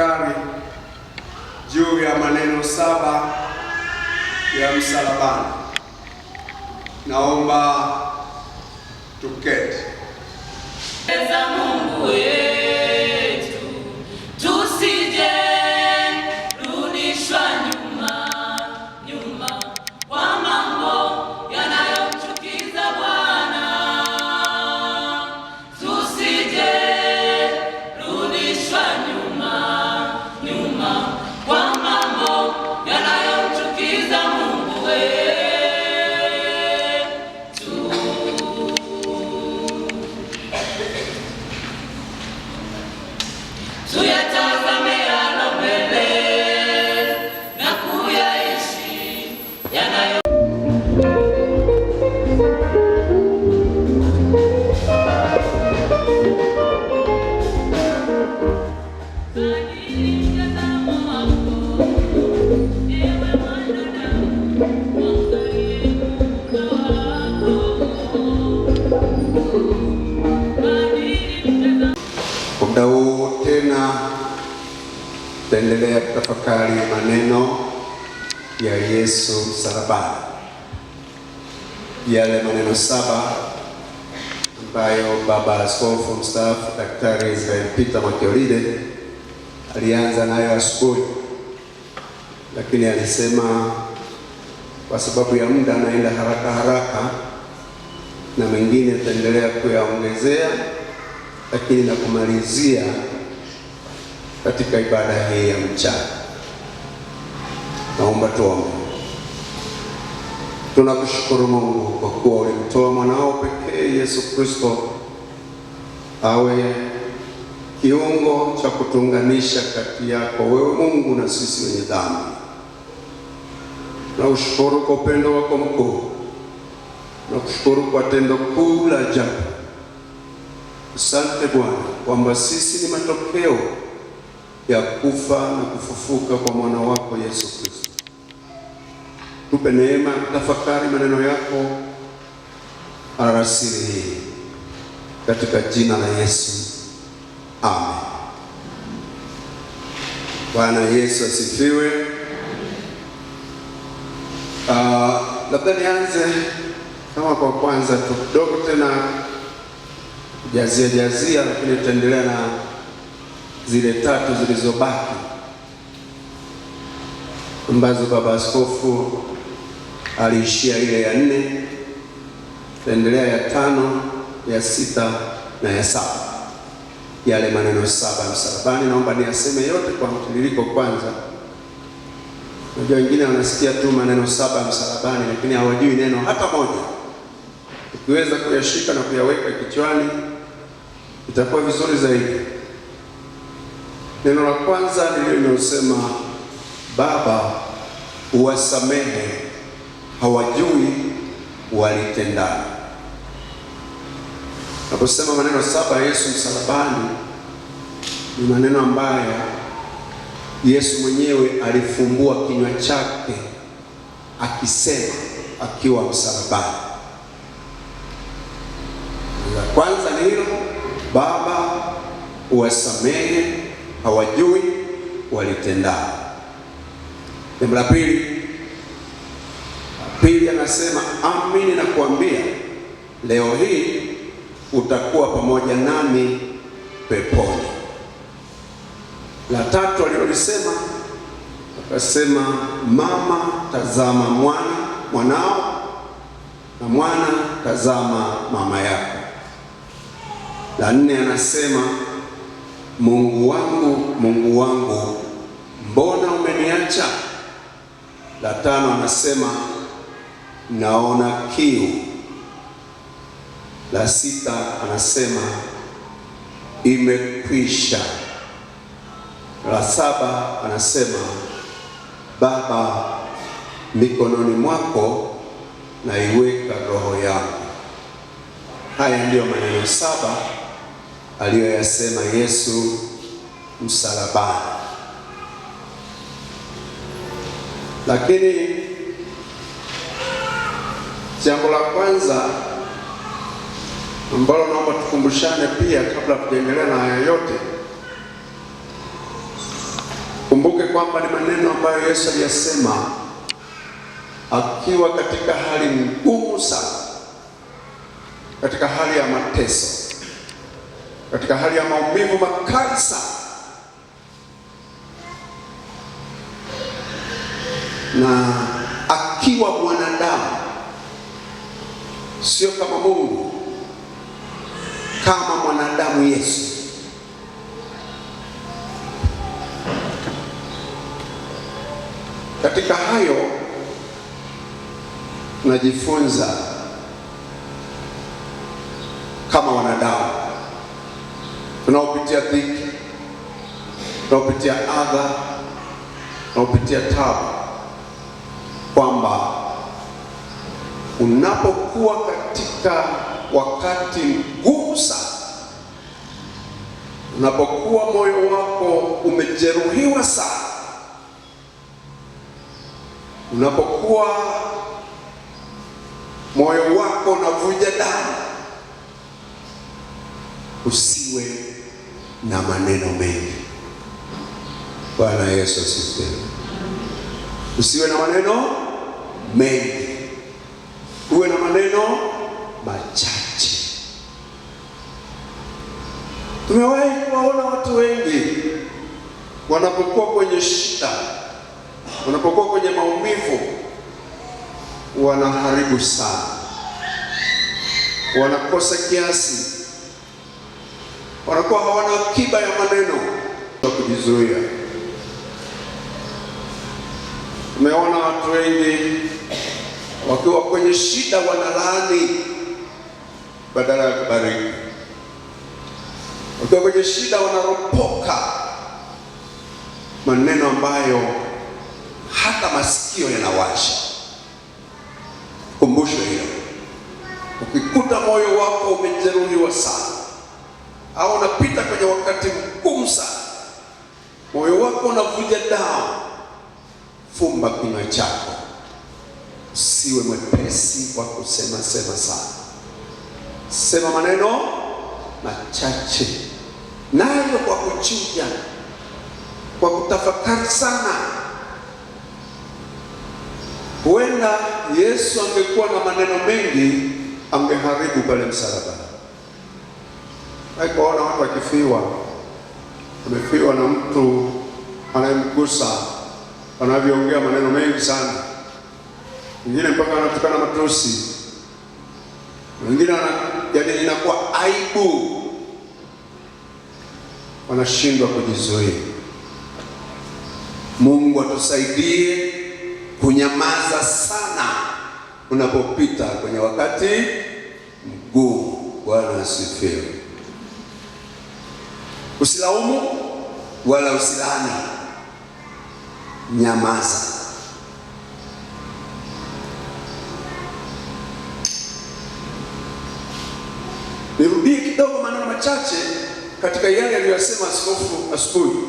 tafakari juu ya maneno saba ya msalabani. Naomba tuketi. Mungu Yesu msalabani, yale maneno saba ambayo baba askofu mstaafu Daktari Israel Peter Makiolide alianza nayo asubuhi, lakini alisema kwa sababu ya muda anaenda haraka haraka, na mengine ataendelea kuyaongezea, lakini na kumalizia katika ibada hii ya mchana. Naomba tuombe. Tunakushukuru Mungu kwa kuwa ulimtoa mwanao pekee Yesu Kristo awe kiungo cha kutunganisha kati yako wewe Mungu na sisi wenye dhambi. Tunakushukuru kwa upendo wako mkuu, tunakushukuru kwa tendo kuu la ajabu. Asante Bwana kwamba sisi ni matokeo ya kufa na kufufuka kwa mwana wako Yesu Kristo tupe neema, tafakari maneno yako alasiri hii katika jina la Yesu, amen. Bwana Yesu asifiwe. Uh, labda nianze kama kwa kwanza tu kidogo tena jazia jazia, lakini tutaendelea na zile tatu zilizobaki ambazo baba askofu aliishia ile ya nne, taendelea ya tano, ya sita na ya saba. Yale maneno saba ya msalabani naomba niyaseme yote kwa mtiririko kwanza. najua wengine wanasikia tu maneno saba ya msalabani, lakini hawajui neno hata moja. Ukiweza kuyashika na kuyaweka kichwani itakuwa vizuri zaidi. Neno la kwanza ndilo linalosema Baba, uwasamehe hawajui walitendana. Naposema maneno saba ya Yesu msalabani, ni maneno ambayo Yesu mwenyewe alifumbua kinywa chake akisema akiwa msalabani. La kwanza ni hilo, Baba uwasamehe hawajui walitendana. Jambo la pili Biblia inasema amini na kuambia leo hii utakuwa pamoja nami peponi. La tatu alilolisema akasema, mama tazama mwana mwanao, na mwana tazama mama yako. La nne anasema, Mungu wangu, Mungu wangu, mbona umeniacha? La tano anasema naona kiu. La sita anasema imekwisha. La saba anasema Baba, mikononi mwako naiweka roho yangu. Haya ndiyo maneno saba aliyoyasema Yesu msalabani, lakini Jambo la kwanza ambalo naomba tukumbushane pia kabla tujaendelea na haya yote, kumbuke kwamba ni maneno ambayo Yesu aliyasema akiwa katika hali ngumu sana, katika hali ya mateso, katika hali ya maumivu makali sana na akiwa sio kama Mungu, kama mwanadamu Yesu. Katika hayo tunajifunza kama wanadamu tunaopitia dhiki, tunaopitia adha, tunaopitia taabu unapokuwa katika wakati mgumu sana, unapokuwa moyo wako umejeruhiwa sana, unapokuwa moyo wako unavuja damu, usiwe na maneno mengi. Bwana Yesu asifiwe. Usiwe na maneno mengi maneno machache. Tumewahi kuwaona watu wengi wanapokuwa kwenye shida, wanapokuwa kwenye maumivu, wanaharibu sana, wanakosa kiasi, wanakuwa hawana akiba ya maneno ya kujizuia. Tumeona watu wengi wakiwa kwenye shida wanalaani badala ya kubariki, wakiwa kwenye shida wanaropoka maneno ambayo hata masikio yanawasha. Kumbusho hiyo, ukikuta moyo wako umejeruhiwa sana au unapita kwenye wakati mgumu sana, moyo wako unavuja damu, fumba kinywa chako usiwe mwepesi wa kusema sema sana, sema maneno machache, nayo kwa kuchuja, kwa kutafakari sana. Huenda Yesu angekuwa na maneno mengi, angeharibu pale msalaba. Aikaona watu akifiwa, amefiwa na mtu anayemgusa, anavyoongea maneno mengi sana wengine mpaka wanatukana matusi, wengine yaani inakuwa aibu, wanashindwa kujizuia. Mungu atusaidie kunyamaza sana unapopita kwenye wakati mgumu. Bwana asifiwe. Usilaumu wala usilani, nyamaza. machache katika yale aliyosema askofu asubuhi,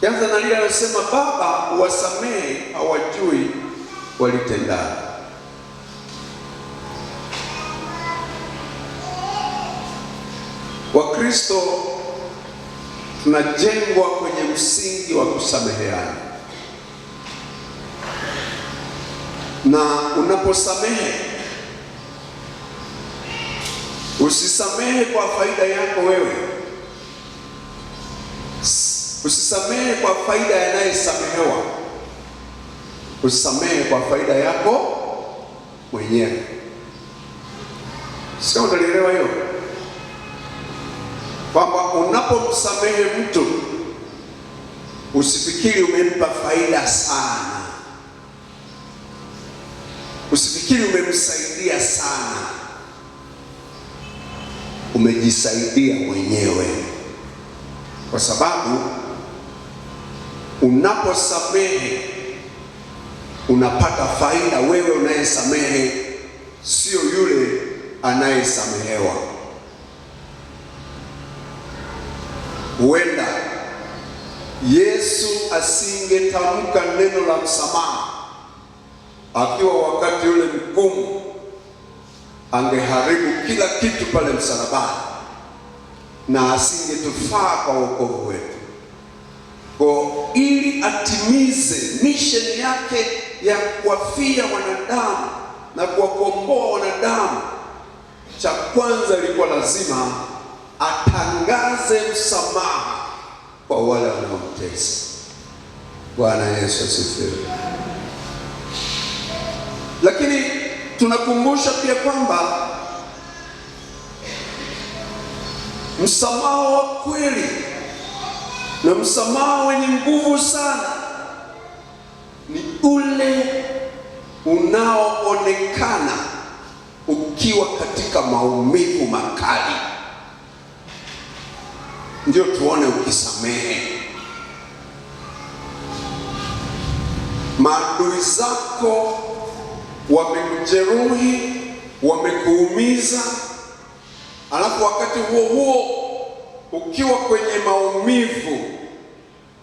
kianza na lile anasema, Baba uwasamehe hawajui walitendaa Wakristo tunajengwa kwenye msingi wa kusameheana, na unaposamehe Usisamehe kwa faida yako wewe, usisamehe kwa faida yanayesamehewa, usisamehe kwa faida yako mwenyewe. Sio, unalielewa hiyo kwamba unapomsamehe mtu usifikiri umempa faida sana, usifikiri umemsaidia sana umejisaidia mwenyewe, kwa sababu unaposamehe unapata faida wewe unayesamehe, sio yule anayesamehewa. Huenda Yesu asingetamka neno la msamaha akiwa wakati ule mgumu angeharibu kila kitu pale msalabani na asingetufaa kwa wokovu wetu. Kwa ili atimize misheni yake ya kuwafia wanadamu na kuwakomboa wanadamu, cha kwanza ilikuwa lazima atangaze msamaha kwa wale wanaomtesa. Bwana Yesu asifiwe. Lakini tunakumbusha pia kwamba msamaha wa kweli na msamaha wenye nguvu sana ni ule unaoonekana ukiwa katika maumivu makali, ndio tuone ukisamehe maadui zako wamekujeruhi, wamekuumiza, alafu wakati huo huo ukiwa kwenye maumivu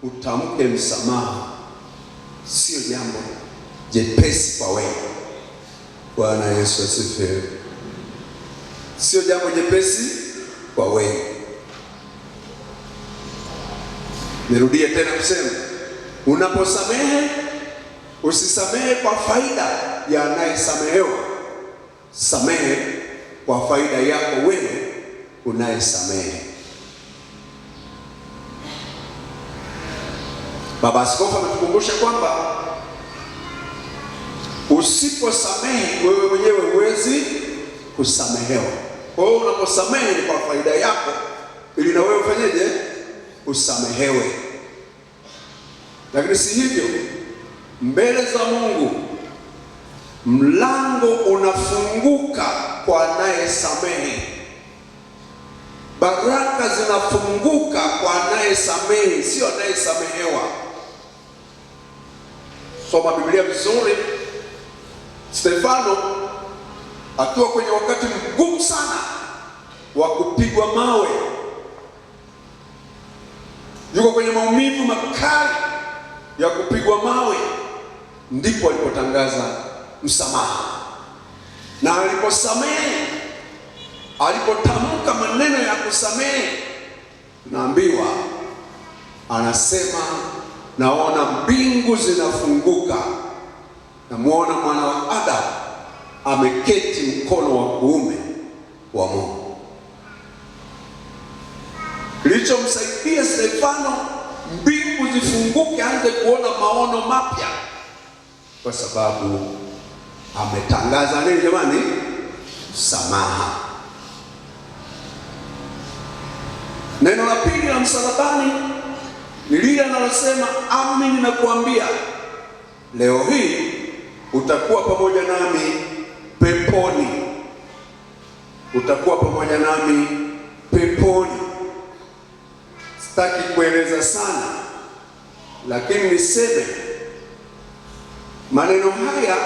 utamke msamaha, sio jambo jepesi kwa wewe. Bwana Yesu asifiwe. Sio jambo jepesi kwa wewe. Nirudie tena kusema, unaposamehe usisamehe kwa faida ya samehe kwa faida yako wewe unayesamehe. Baba Askofu ametukumbusha kwamba usiposamehe wewe mwenyewe huwezi kusamehewa. Kwa hiyo unaposamehe ni kwa faida yako, ili na wewe ufanyeje? Usamehewe. Lakini si hivyo mbele za Mungu mlango unafunguka kwa anayesamehe, baraka zinafunguka kwa anayesamehe, sio anayesamehewa. Soma Biblia vizuri. Stefano akiwa kwenye wakati mgumu sana wa kupigwa mawe, yuko kwenye maumivu makali ya kupigwa mawe, ndipo alipotangaza msamaha, na aliposamehe, alipotamka maneno ya kusamehe, naambiwa anasema, naona mbingu zinafunguka, namwona mwana wa Adamu ameketi mkono wa kuume wa Mungu. Kilichomsaidia Stefano mbingu zifunguke, aanze kuona maono mapya, kwa sababu ametangaza nini jamani? Msamaha. Neno la pili la msalabani ni lile analosema, ami ninakuambia leo hii utakuwa pamoja nami peponi, utakuwa pamoja nami peponi. Sitaki kueleza sana, lakini niseme maneno haya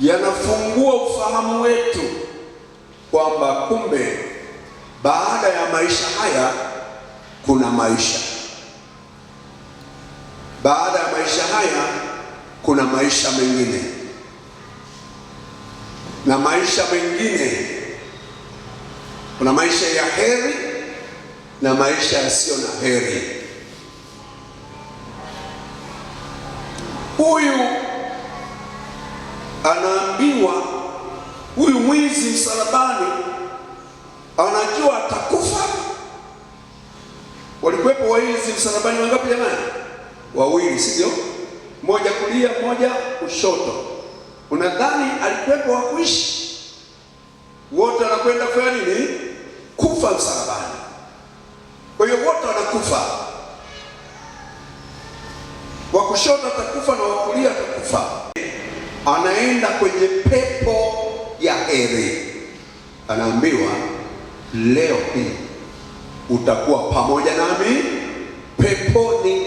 yanafungua ufahamu wetu kwamba kumbe baada ya maisha haya kuna maisha, baada ya maisha haya kuna maisha mengine, na maisha mengine kuna maisha ya heri na maisha yasiyo na heri. Huyu anaambiwa huyu mwizi msalabani anajua atakufa. Walikuwepo waizi msalabani wangapi jamani? Wawili, si ndio? Mmoja kulia, mmoja kushoto. Unadhani alikuwepo wa kuishi? Wote wanakwenda kufanya nini? Kufa msalabani. Kwa hiyo wote wanakufa, wa kushoto atakufa na wa kulia atakufa anaenda kwenye pepo ya heri, anaambiwa leo hii utakuwa pamoja nami peponi.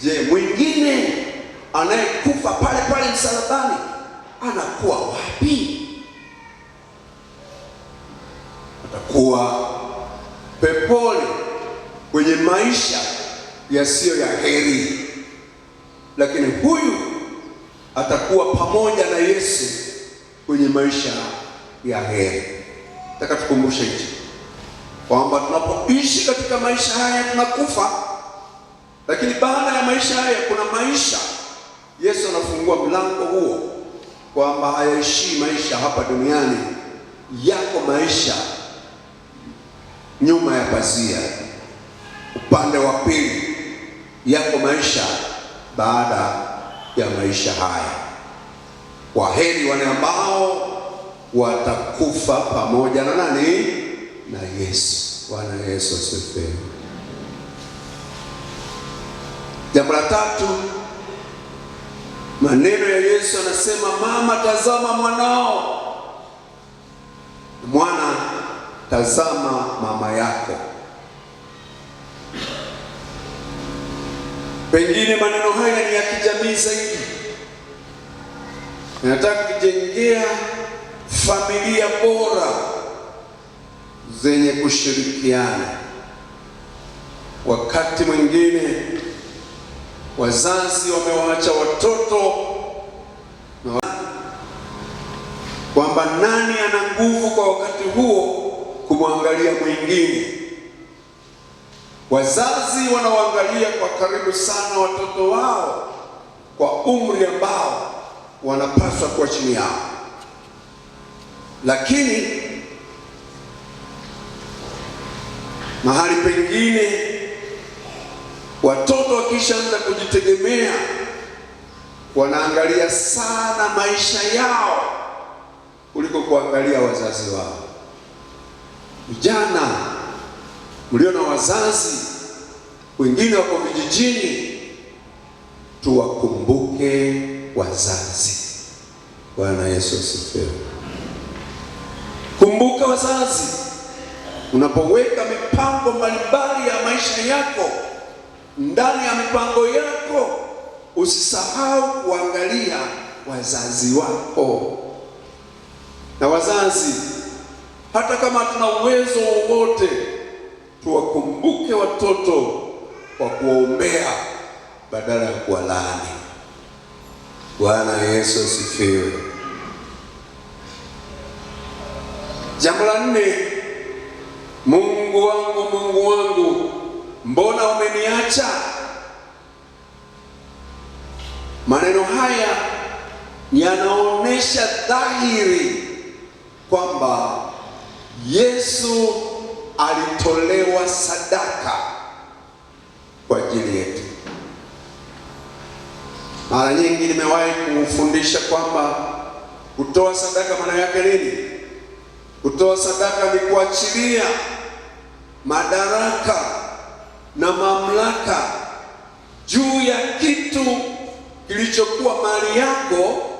Je, mwingine anayekufa pale pale msalabani anakuwa wapi? Atakuwa peponi kwenye maisha yasiyo ya heri, lakini huyu atakuwa pamoja na Yesu kwenye maisha ya heri. Nataka tukumbushe hicho kwamba tunapoishi katika maisha haya tunakufa, lakini baada ya maisha haya kuna maisha. Yesu anafungua mlango huo kwamba hayaishii maisha hapa duniani, yako maisha nyuma ya pazia, upande wa pili, yako maisha baada ya maisha haya. Waheri wale ambao watakufa pamoja na nani? Na Yesu. Bwana Yesu asifiwe. Jambo la tatu, maneno ya Yesu anasema, mama, tazama mwanao, mwana, tazama mama yako. Pengine maneno haya ni ya kijamii zaidi. Nataka kujengea familia bora zenye kushirikiana. Wakati mwingine wazazi wamewaacha watoto na kwamba nani ana nguvu kwa wakati huo kumwangalia mwingine Wazazi wanaoangalia kwa karibu sana watoto wao kwa umri ambao wanapaswa kuwa chini yao, lakini mahali pengine watoto wakishaanza kujitegemea wanaangalia sana maisha yao kuliko kuangalia wazazi wao. Vijana mlio na wazazi wengine wako vijijini, tuwakumbuke wazazi. Bwana Yesu asifiwe. Kumbuka wazazi unapoweka mipango mbalimbali ya maisha yako. Ndani ya mipango yako usisahau kuangalia wazazi wako. Na wazazi, hata kama hatuna uwezo wowote tuwakumbuke watoto kwa kuwaombea badala ya kuwalaani. Bwana Yesu asifiwe. Jambo la nne, Mungu wangu, Mungu wangu, mbona umeniacha? Maneno haya yanaonyesha dhahiri kwamba Yesu alitolewa sadaka kwa ajili yetu. Mara nyingi nimewahi kufundisha kwamba kutoa sadaka maana yake nini? Kutoa sadaka ni kuachilia madaraka na mamlaka juu ya kitu kilichokuwa mali yako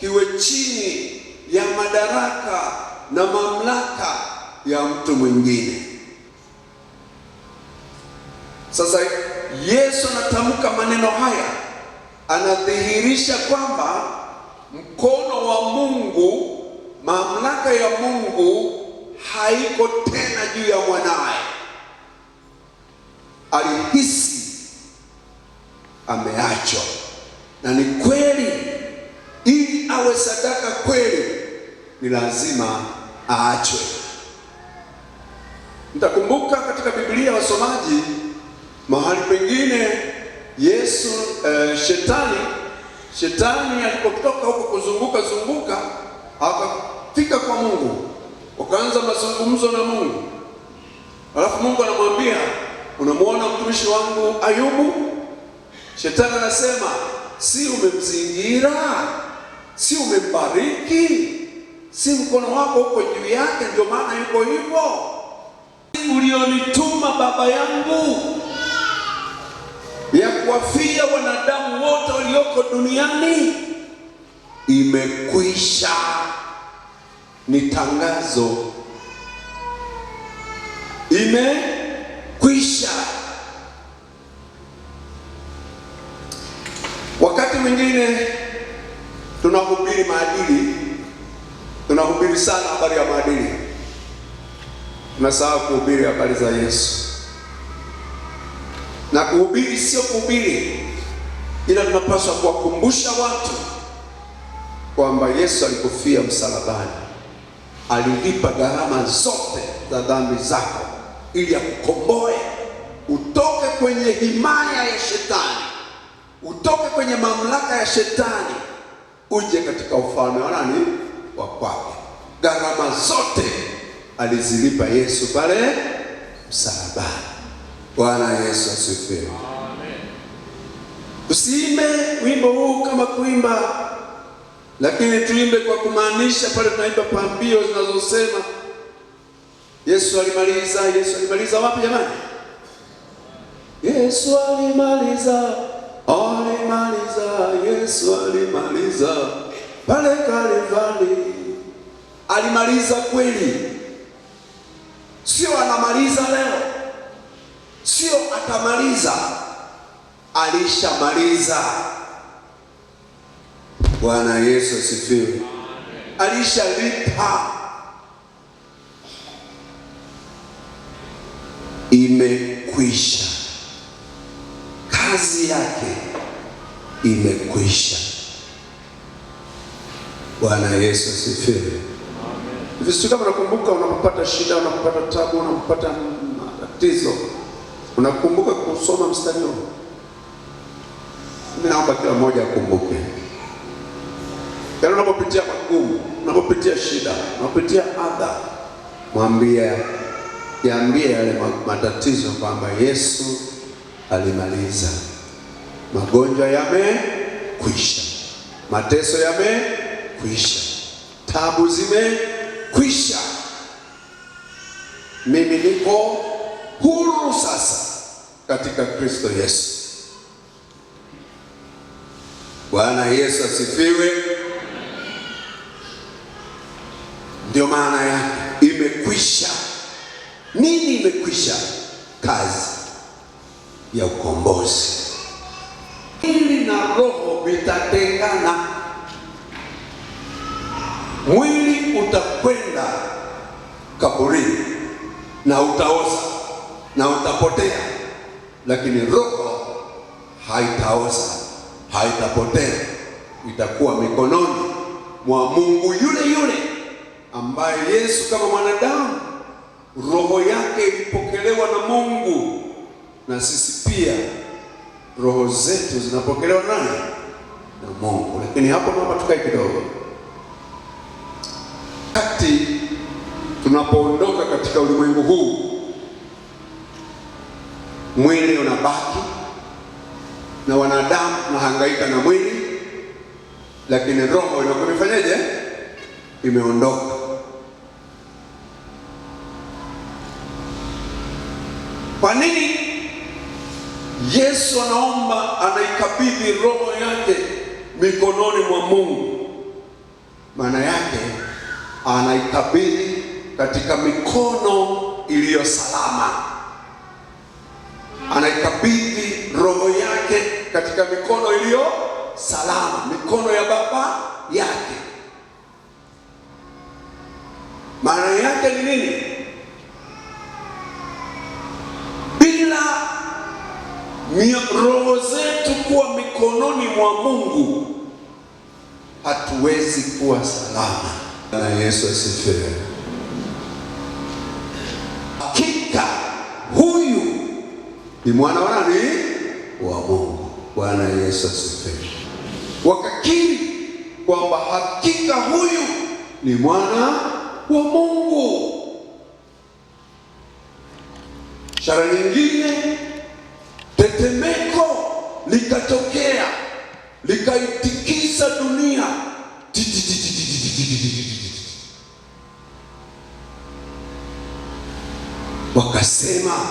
kiwe chini ya madaraka na mamlaka ya mtu mwingine. Sasa Yesu anatamka maneno haya, anadhihirisha kwamba mkono wa Mungu, mamlaka ya Mungu haiko tena juu ya mwanaye. Alihisi ameachwa, na ni kweli, ili awe sadaka kweli ni lazima aachwe. Mtakumbuka katika Biblia wasomaji, mahali pengine Yesu eh, shetani shetani alipotoka huko kuzunguka zunguka akafika kwa Mungu, wakaanza mazungumzo na Mungu, alafu Mungu anamwambia unamwona mtumishi wangu Ayubu? Shetani anasema si umemzingira, si umembariki, si mkono wako uko juu yake, ndio maana yuko hivyo ulionituma Baba yangu ya kuwafia wanadamu wote walioko duniani imekwisha. Ni tangazo, imekwisha. Wakati mwingine tunahubiri maadili, tunahubiri sana habari ya maadili tumesahau kuhubiri habari za Yesu. Na kuhubiri sio kuhubiri, ila tunapaswa kuwakumbusha watu kwamba Yesu alikufia msalabani, alilipa gharama zote za dhambi zako ili akukomboe utoke kwenye himaya ya shetani, utoke kwenye mamlaka ya shetani, uje katika ufalme wa nani? Wa kwake. Gharama zote alizilipa Yesu pale msalabani. Bwana Yesu asifiwe, amen. Usiimbe wimbo huu kama kuimba, lakini tuimbe kwa kumaanisha. Pale tunaimba pambio zinazosema Yesu alimaliza, Yesu alimaliza wapi jamani? Yesu alimaliza, alimaliza, Yesu alimaliza pale Kalvari, alimaliza kweli sio anamaliza leo, sio atamaliza, alishamaliza. Bwana Yesu asifiwe. Alishalipa, imekwisha, kazi yake imekwisha. Bwana Yesu asifiwe. Hivi kama unakumbuka unapopata shida, unapopata tabu, unapopata matatizo, unakumbuka kusoma mstari huu? Mimi naomba kila mmoja akumbuke. Kana yaani unapopitia magumu, unapopitia shida, unapopitia adha, mwambie, jiambie yale matatizo kwamba Yesu alimaliza. Magonjwa yamekwisha, mateso yamekwisha, tabu zime umekwisha. Mimi niko huru sasa katika Kristo Yesu. Bwana Yesu asifiwe. Ndio maana ya imekwisha. Nini imekwisha? Kazi ya ukombozi. ili na roho vitatengana Mwili utakwenda kaburini na utaoza na utapotea, lakini roho haitaoza, haitapotea, itakuwa mikononi mwa Mungu yule yule ambaye Yesu kama mwanadamu roho yake ilipokelewa na Mungu, na sisi pia roho zetu zinapokelewa naye na Mungu. Lakini hapo naomba tukae kidogo wakati tunapoondoka katika ulimwengu huu, mwili unabaki na wanadamu tunahangaika na mwili, lakini roho inakuwa imefanyaje? Imeondoka. Kwa nini Yesu anaomba, anaikabidhi roho yake mikononi mwa Mungu? Maana yake anaikabidhi katika mikono iliyo salama, anaikabidhi roho yake katika mikono iliyo salama, mikono ya baba yake. Maana yake ni nini? Bila roho zetu kuwa mikononi mwa Mungu, hatuwezi kuwa salama. Na Yesu asifiwe. Hakika huyu ni mwana wa nani? Wa Mungu. Bwana Yesu asifiwe. Wakakiri kwamba hakika huyu ni mwana wa Mungu. Ishara nyingine kusema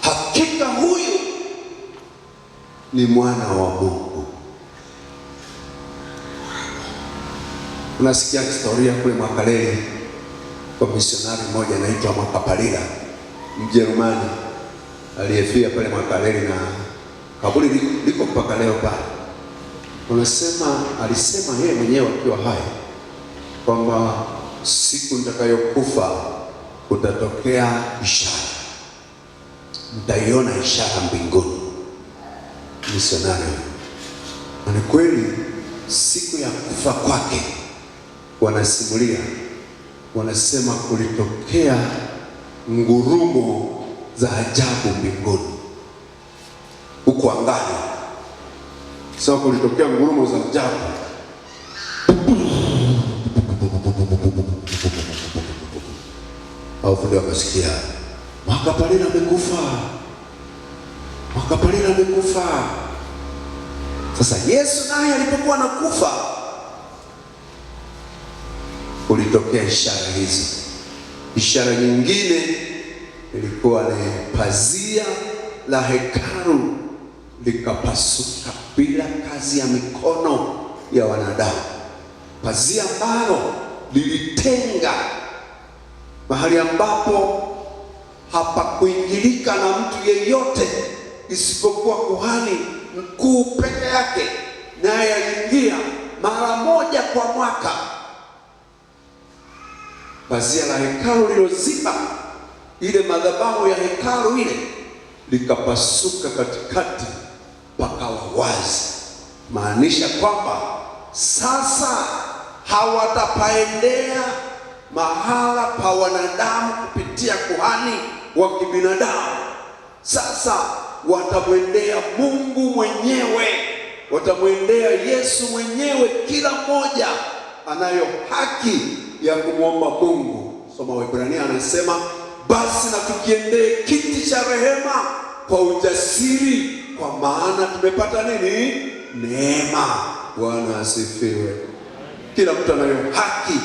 hakika huyu ni mwana wa Mungu. Unasikia historia kule Mwakaleli kwa misionari mmoja anaitwa Mwakapalila Mjerumani aliyefia pale Mwakaleli na kaburi liko mpaka leo pale. Unasema alisema yeye mwenyewe akiwa hai kwamba siku nitakayokufa kutatokea ishara mtaiona ishara mbinguni. Misionari na kweli, siku ya kufa kwake wanasimulia, wanasema kulitokea ngurumo za ajabu mbinguni huko angani. Sasa kulitokea ngurumo za ajabu au fundi wakasikia Wakapalina amekufa, Wakapalina amekufa. Sasa Yesu naye alipokuwa anakufa, ulitokea ishara hizi. Ishara nyingine ilikuwa ni pazia la hekalu likapasuka bila kazi ya mikono ya wanadamu, pazia ambalo lilitenga mahali ambapo hapakuingilika na mtu yeyote isipokuwa kuhani mkuu peke yake, naye aliingia mara moja kwa mwaka. Pazia la hekalu liloziba ile madhabahu ya hekalu ile likapasuka katikati, pakawa wazi, maanisha kwamba sasa hawatapaendea mahala pa wanadamu kupitia kuhani wa kibinadamu, sasa watamwendea Mungu mwenyewe, watamwendea Yesu mwenyewe. Kila mmoja anayo haki ya kumwomba Mungu. Soma Waebrania, anasema basi na tukiendee kiti cha rehema kwa ujasiri, kwa maana tumepata nini? Neema. Bwana asifiwe. Kila mtu anayo haki,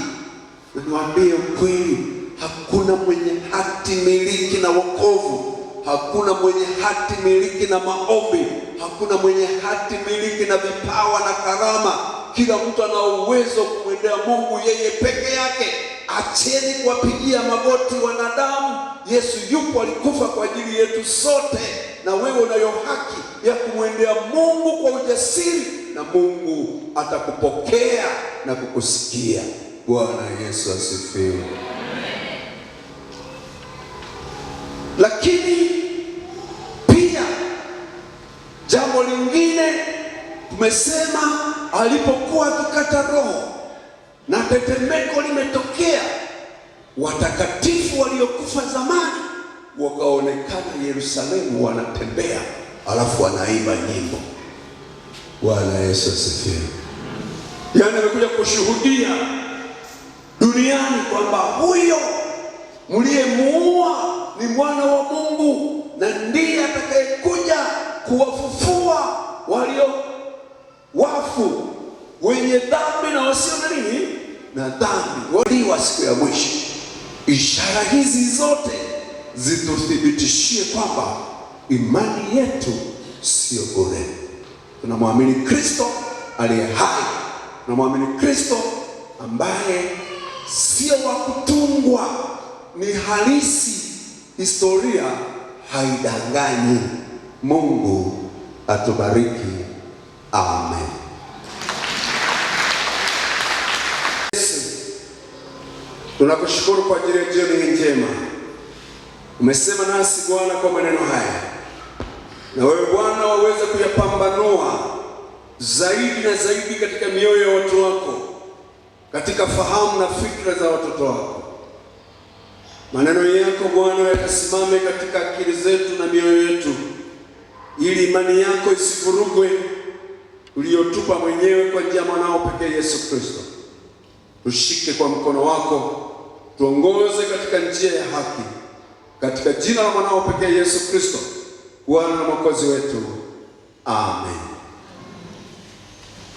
na niwaambie ukweli Hakuna mwenye hati miliki na wokovu, hakuna mwenye hati miliki na maombi, hakuna mwenye hati miliki na vipawa na karama. Kila mtu ana uwezo kumwendea Mungu yeye peke yake. Acheni kuwapigia magoti wanadamu. Yesu yupo, alikufa kwa ajili yetu sote, na wewe unayo haki ya kumwendea Mungu kwa ujasiri, na Mungu atakupokea na kukusikia. Bwana Yesu asifiwe. Lakini pia jambo lingine tumesema, alipokuwa akikata roho na tetemeko limetokea, watakatifu waliokufa zamani wakaonekana Yerusalemu wanatembea, alafu wanaimba nyimbo. Bwana Yesu asifiwe. Yaani amekuja kushuhudia duniani kwamba huyo mliyemuua ni mwana wa Mungu na ndiye atakayekuja kuwafufua walio wafu wenye dhambi na wasio na nini na dhambi waliwa siku ya mwisho. Ishara hizi zote zituthibitishie kwamba imani yetu sio bure. Tunamwamini Kristo aliye hai, tunamwamini Kristo ambaye sio wa kutungwa, ni halisi Historia haidanganyi. Mungu atubariki. Amen. Yesu, tunakushukuru kwa ajili ya jioni hii njema. Umesema nasi Bwana kwa maneno haya, na wewe Bwana waweza kuyapambanua zaidi na zaidi katika mioyo ya watu wako, katika fahamu na fikra za watoto wako Maneno yako Bwana yakasimame katika akili zetu na mioyo yetu, ili imani yako isivurugwe, uliyotupa mwenyewe kwa njia mwanao pekee Yesu Kristo. Tushike kwa mkono wako, tuongoze katika njia ya haki, katika jina la mwanao pekee Yesu Kristo, Bwana na Mwokozi wetu, amen.